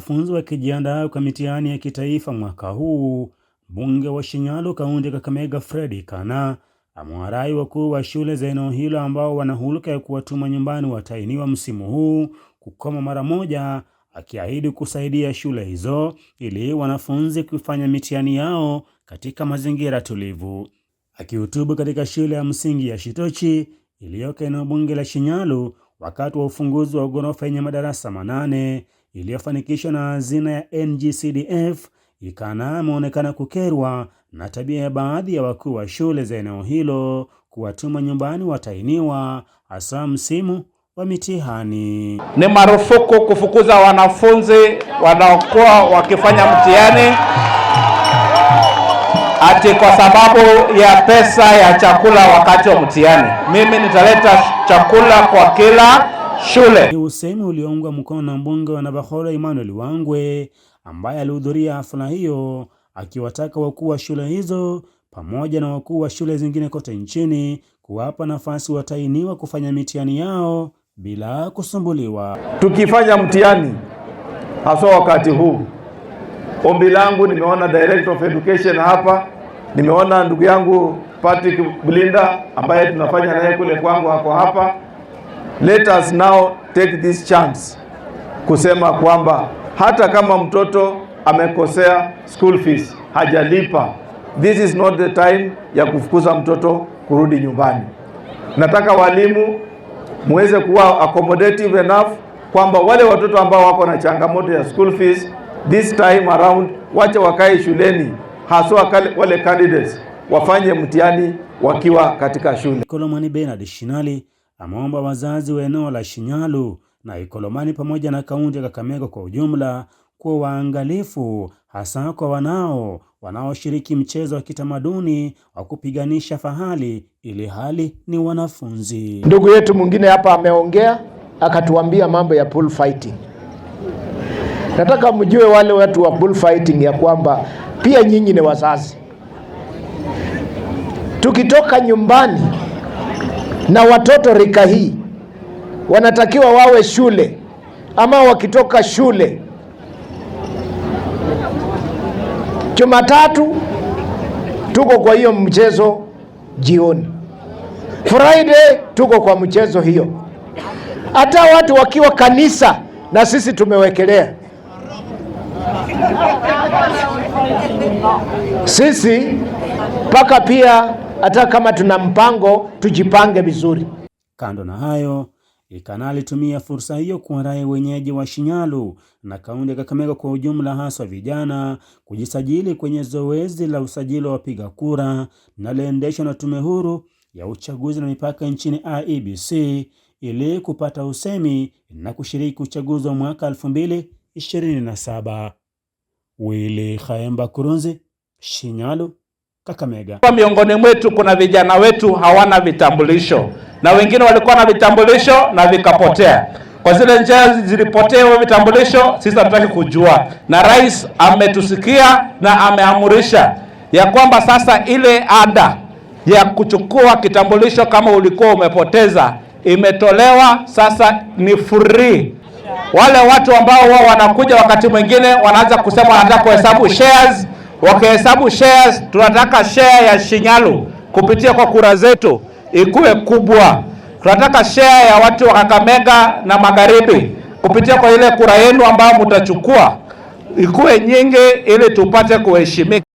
Wanafunzi wakijiandaa kwa mitihani ya kitaifa mwaka huu, mbunge wa Shinyalu kaunti Kakamega Fredi Kana amewarai wakuu wa shule za eneo hilo ambao wana hulka ya kuwatuma nyumbani watahiniwa msimu huu kukoma mara moja, akiahidi kusaidia shule hizo ili wanafunzi kufanya mitihani yao katika mazingira tulivu. Akihutubu katika shule ya msingi ya Shitochi iliyoko eneo bunge la Shinyalu wakati wa ufunguzi wa ghorofa yenye madarasa manane iliyofanikishwa na hazina ya NGCDF Ikana ameonekana kukerwa na tabia ya baadhi ya wakuu wa shule za eneo hilo kuwatuma nyumbani watainiwa hasa msimu wa mitihani. Ni marufuku kufukuza wanafunzi wanaokuwa wakifanya mtihani ati kwa sababu ya pesa ya chakula wakati wa mtihani. Mimi nitaleta chakula kwa kila shule. Ni usemi ulioungwa mkono na mbunge wa nabahora Emmanuel Wangwe ambaye alihudhuria hafla hiyo akiwataka wakuu wa shule hizo pamoja na wakuu wa shule zingine kote nchini kuwapa nafasi watainiwa kufanya mitihani yao bila kusumbuliwa. Tukifanya mtihani haswa wakati huu, ombi langu, nimeona Director of Education hapa, nimeona ndugu yangu Patrick Blinda ambaye tunafanya naye kule kwangu, hako hapa Let us now take this chance kusema kwamba hata kama mtoto amekosea school fees hajalipa, this is not the time ya kufukuza mtoto kurudi nyumbani. Nataka walimu muweze kuwa accommodative enough kwamba wale watoto ambao wako na changamoto ya school fees this time around, wacha wakae shuleni, haswa wale candidates wafanye mtihani wakiwa katika shule. Kolomani Bernard Shinali ameomba wazazi wa eneo la Shinyalu na Ikolomani pamoja na kaunti ya Kakamega kwa ujumla kuwa waangalifu hasa kwa wanao wanaoshiriki mchezo wa kitamaduni wa kupiganisha fahali ili hali ni wanafunzi. Ndugu yetu mwingine hapa ameongea akatuambia mambo ya pool fighting. Nataka mjue wale watu wa bull fighting ya kwamba pia nyinyi ni wazazi, tukitoka nyumbani na watoto rika hii wanatakiwa wawe shule ama wakitoka shule Jumatatu tuko kwa hiyo mchezo jioni, Friday tuko kwa mchezo hiyo. Hata watu wakiwa kanisa na sisi tumewekelea sisi mpaka pia hata kama tuna mpango tujipange vizuri. Kando na hayo, Ikana alitumia fursa hiyo kuwarai wenyeji wa Shinyalu na kaunti ya Kakamega kwa ujumla, haswa vijana kujisajili kwenye zoezi la usajili wa wapiga kura linaloendeshwa na Tume Huru ya Uchaguzi na Mipaka nchini IEBC ili kupata usemi na kushiriki uchaguzi wa mwaka 2027. Wili Khaemba Kurunzi, Shinyalu. Kakamega. Kwa miongoni mwetu kuna vijana wetu hawana vitambulisho na wengine walikuwa na vitambulisho na vikapotea. Kwa zile njia zilipotea hivyo vitambulisho, sisi hatutaki kujua, na rais ametusikia na ameamurisha ya kwamba sasa ile ada ya kuchukua kitambulisho kama ulikuwa umepoteza imetolewa, sasa ni free. Wale watu ambao wao wanakuja wakati mwingine wanaanza kusema wanataka kuhesabu shares wakihesabu shares, tunataka share ya Shinyalu kupitia kwa kura zetu ikuwe kubwa. Tunataka share ya watu wa Kakamega na Magharibi kupitia kwa ile kura yenu ambayo mtachukua ikuwe nyingi, ili tupate kuheshimika.